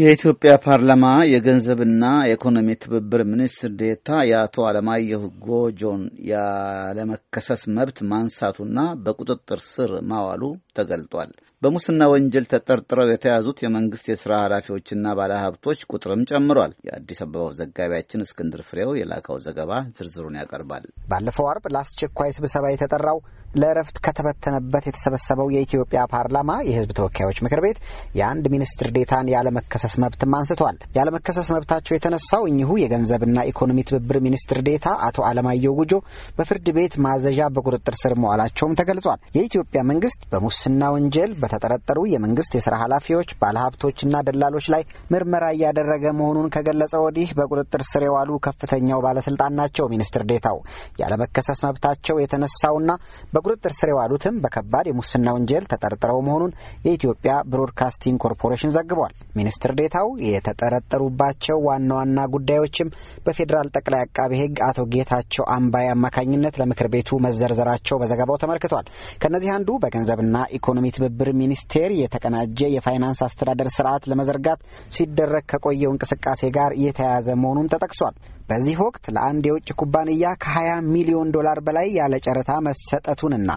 የኢትዮጵያ ፓርላማ የገንዘብና የኢኮኖሚ ትብብር ሚኒስትር ዴታ የአቶ አለማየሁ ጎጆን ያለመከሰስ መብት ማንሳቱና በቁጥጥር ስር ማዋሉ ተገልጧል። በሙስና ወንጀል ተጠርጥረው የተያዙት የመንግስት የሥራ ኃላፊዎችና ባለሀብቶች ቁጥርም ጨምሯል። የአዲስ አበባው ዘጋቢያችን እስክንድር ፍሬው የላከው ዘገባ ዝርዝሩን ያቀርባል። ባለፈው አርብ ለአስቸኳይ ስብሰባ የተጠራው ለእረፍት ከተበተነበት የተሰበሰበው የኢትዮጵያ ፓርላማ የሕዝብ ተወካዮች ምክር ቤት የአንድ ሚኒስትር ዴታን ያለመከሰስ መብትም አንስቷል። ያለመከሰስ መብታቸው የተነሳው እኚሁ የገንዘብና ኢኮኖሚ ትብብር ሚኒስትር ዴታ አቶ አለማየሁ ጉጆ በፍርድ ቤት ማዘዣ በቁጥጥር ስር መዋላቸውም ተገልጿል። የኢትዮጵያ መንግስት በሙስና ወንጀል በተጠረጠሩ የመንግስት የስራ ኃላፊዎች፣ ባለሀብቶችና ደላሎች ላይ ምርመራ እያደረገ መሆኑን ከገለጸ ወዲህ በቁጥጥር ስር የዋሉ ከፍተኛው ባለስልጣን ናቸው ሚኒስትር ዴታው። ያለመከሰስ መብታቸው የተነሳውና በቁጥጥር ስር የዋሉትም በከባድ የሙስና ወንጀል ተጠርጥረው መሆኑን የኢትዮጵያ ብሮድካስቲንግ ኮርፖሬሽን ዘግቧል። ሚኒስትር ዴታው የተጠረጠሩባቸው ዋና ዋና ጉዳዮችም በፌዴራል ጠቅላይ አቃቤ ህግ አቶ ጌታቸው አምባይ አማካኝነት ለምክር ቤቱ መዘርዘራቸው በዘገባው ተመልክቷል። ከነዚህ አንዱ በገንዘብና ኢኮኖሚ ትብብር ሚኒስቴር የተቀናጀ የፋይናንስ አስተዳደር ስርዓት ለመዘርጋት ሲደረግ ከቆየው እንቅስቃሴ ጋር የተያያዘ መሆኑም ተጠቅሷል። በዚህ ወቅት ለአንድ የውጭ ኩባንያ ከ20 ሚሊዮን ዶላር በላይ ያለ ጨረታ መሰጠቱንና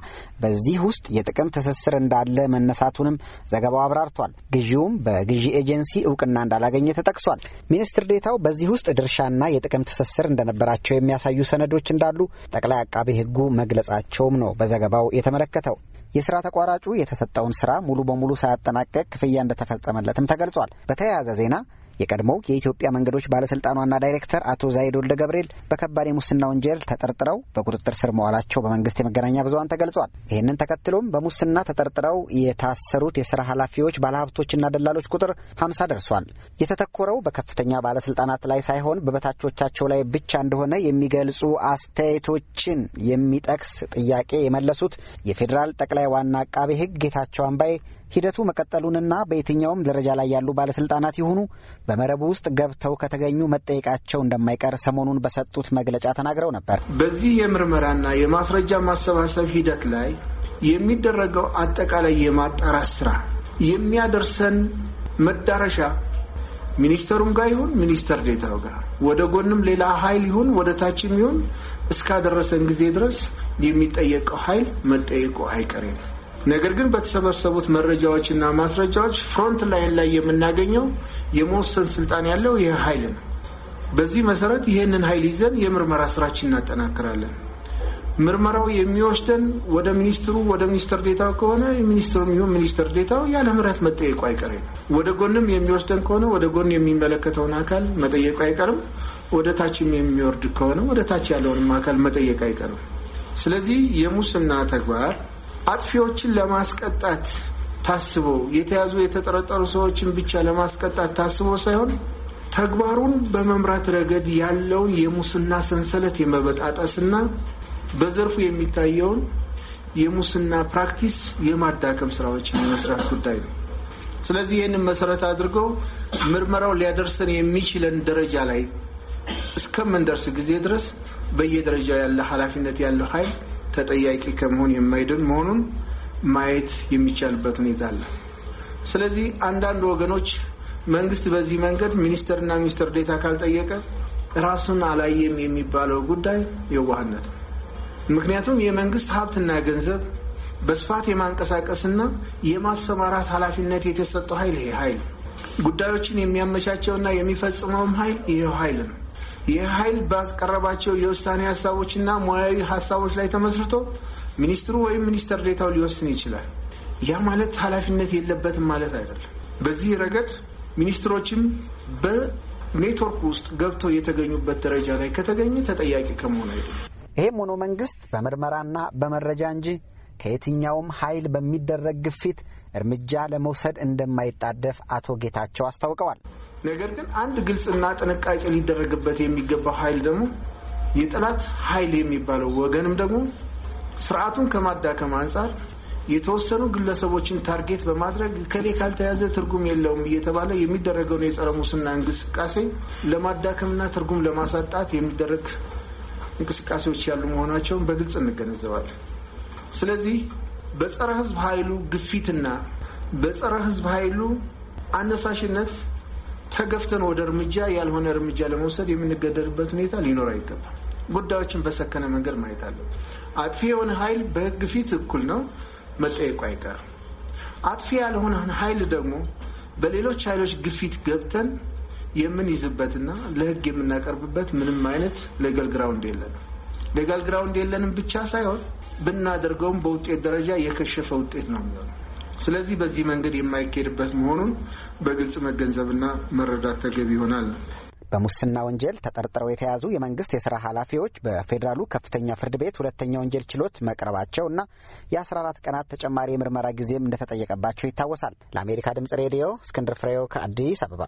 በዚህ ውስጥ የጥቅም ትስስር እንዳለ መነሳቱንም ዘገባው አብራርቷል። ግዢውም በግዢ ኤጀንሲ እውቅና እንዳላገኘ ተጠቅሷል። ሚኒስትር ዴታው በዚህ ውስጥ ድርሻና የጥቅም ትስስር እንደነበራቸው የሚያሳዩ ሰነዶች እንዳሉ ጠቅላይ አቃቤ ሕጉ መግለጻቸውም ነው በዘገባው የተመለከተው። የስራ ተቋራጩ የተሰጠውን ስራ ሙሉ በሙሉ ሳያጠናቀቅ ክፍያ እንደተፈጸመለትም ተገልጿል። በተያያዘ ዜና የቀድሞው የኢትዮጵያ መንገዶች ባለስልጣን ዋና ዳይሬክተር አቶ ዛይድ ወልደ ገብርኤል በከባድ የሙስና ወንጀል ተጠርጥረው በቁጥጥር ስር መዋላቸው በመንግስት የመገናኛ ብዙሀን ተገልጿል። ይህንን ተከትሎም በሙስና ተጠርጥረው የታሰሩት የስራ ኃላፊዎች፣ ባለሀብቶችና ደላሎች ቁጥር ሀምሳ ደርሷል። የተተኮረው በከፍተኛ ባለስልጣናት ላይ ሳይሆን በበታቾቻቸው ላይ ብቻ እንደሆነ የሚገልጹ አስተያየቶችን የሚጠቅስ ጥያቄ የመለሱት የፌዴራል ጠቅላይ ዋና አቃቤ ህግ ጌታቸው አምባዬ ሂደቱ መቀጠሉንና በየትኛውም ደረጃ ላይ ያሉ ባለስልጣናት ይሁኑ በመረቡ ውስጥ ገብተው ከተገኙ መጠየቃቸው እንደማይቀር ሰሞኑን በሰጡት መግለጫ ተናግረው ነበር። በዚህ የምርመራና የማስረጃ ማሰባሰብ ሂደት ላይ የሚደረገው አጠቃላይ የማጣራት ስራ የሚያደርሰን መዳረሻ ሚኒስተሩም ጋር ይሁን ሚኒስተር ዴታው ጋር ወደ ጎንም ሌላ ኃይል ይሁን ወደ ታችም ይሁን እስካደረሰን ጊዜ ድረስ የሚጠየቀው ኃይል መጠየቁ አይቀሬ ነገር ግን በተሰበሰቡት መረጃዎችና ማስረጃዎች ፍሮንት ላይን ላይ የምናገኘው የመወሰን ስልጣን ያለው ይህ ኃይል ነው። በዚህ መሰረት ይህንን ኃይል ይዘን የምርመራ ስራችን እናጠናክራለን። ምርመራው የሚወስደን ወደ ሚኒስትሩ ወደ ሚኒስትር ዴታው ከሆነ ሚኒስትሩ ይሁን ሚኒስትር ዴታው ያለ ምህረት መጠየቁ አይቀርም። ወደ ጎንም የሚወስደን ከሆነ ወደ ጎን የሚመለከተውን አካል መጠየቁ አይቀርም። ወደ ታችም የሚወርድ ከሆነ ወደ ታች ያለውንም አካል መጠየቅ አይቀርም። ስለዚህ የሙስና ተግባር አጥፊዎችን ለማስቀጣት ታስቦ የተያዙ የተጠረጠሩ ሰዎችን ብቻ ለማስቀጣት ታስቦ ሳይሆን ተግባሩን በመምራት ረገድ ያለውን የሙስና ሰንሰለት የመበጣጠስና በዘርፉ የሚታየውን የሙስና ፕራክቲስ የማዳከም ስራዎችን የመስራት ጉዳይ ነው። ስለዚህ ይህንን መሰረት አድርገው ምርመራው ሊያደርሰን የሚችለን ደረጃ ላይ እስከምንደርስ ጊዜ ድረስ በየደረጃው ያለ ኃላፊነት ያለው ኃይል ተጠያቂ ከመሆን የማይድን መሆኑን ማየት የሚቻልበት ሁኔታ አለ። ስለዚህ አንዳንድ ወገኖች መንግስት በዚህ መንገድ ሚኒስተርና ሚኒስተር ዴታ ካልጠየቀ ራሱን አላየም የሚባለው ጉዳይ የዋህነት ነው። ምክንያቱም የመንግስት ሀብትና ገንዘብ በስፋት የማንቀሳቀስና የማሰማራት ኃላፊነት የተሰጠው ኃይል ይሄ ኃይል ጉዳዮችን የሚያመቻቸውና የሚፈጽመውም ኃይል ይሄው ኃይል ነው። ይህ ኃይል ባስቀረባቸው የውሳኔ ሀሳቦችና ሙያዊ ሀሳቦች ላይ ተመስርቶ ሚኒስትሩ ወይም ሚኒስተር ዴታው ሊወስን ይችላል። ያ ማለት ኃላፊነት የለበትም ማለት አይደለም። በዚህ ረገድ ሚኒስትሮችም በኔትወርክ ውስጥ ገብተው የተገኙበት ደረጃ ላይ ከተገኘ ተጠያቂ ከመሆን አይደለም። ይህም ሆኖ መንግስት በምርመራና በመረጃ እንጂ ከየትኛውም ኃይል በሚደረግ ግፊት እርምጃ ለመውሰድ እንደማይጣደፍ አቶ ጌታቸው አስታውቀዋል። ነገር ግን አንድ ግልጽና ጥንቃቄ ሊደረግበት የሚገባው ኃይል ደግሞ የጠላት ኃይል የሚባለው ወገንም ደግሞ ስርዓቱን ከማዳከም አንጻር የተወሰኑ ግለሰቦችን ታርጌት በማድረግ ከሌ ካልተያዘ ትርጉም የለውም እየተባለ የሚደረገውን የጸረ ሙስና እንቅስቃሴ ለማዳከምና ትርጉም ለማሳጣት የሚደረግ እንቅስቃሴዎች ያሉ መሆናቸውን በግልጽ እንገነዘባለን። ስለዚህ በጸረ ህዝብ ኃይሉ ግፊትና በጸረ ህዝብ ኃይሉ አነሳሽነት ተገፍተን ወደ እርምጃ ያልሆነ እርምጃ ለመውሰድ የምንገደድበት ሁኔታ ሊኖር አይገባም። ጉዳዮችን በሰከነ መንገድ ማየት አለብን። አጥፊ የሆነ ኃይል በህግ ፊት እኩል ነው፣ መጠየቁ አይቀርም። አጥፊ ያልሆነ ኃይል ደግሞ በሌሎች ኃይሎች ግፊት ገብተን የምንይዝበትና ለህግ የምናቀርብበት ምንም አይነት ሌጋል ግራውንድ የለንም። ሌጋል ግራውንድ የለንም ብቻ ሳይሆን ብናደርገውም በውጤት ደረጃ የከሸፈ ውጤት ነው የሚሆነው። ስለዚህ በዚህ መንገድ የማይካሄድበት መሆኑን በግልጽ መገንዘብና መረዳት ተገቢ ይሆናል። በሙስና ወንጀል ተጠርጥረው የተያዙ የመንግስት የስራ ኃላፊዎች በፌዴራሉ ከፍተኛ ፍርድ ቤት ሁለተኛ ወንጀል ችሎት መቅረባቸው እና የ14 ቀናት ተጨማሪ የምርመራ ጊዜም እንደተጠየቀባቸው ይታወሳል። ለአሜሪካ ድምጽ ሬዲዮ እስክንድር ፍሬው ከአዲስ አበባ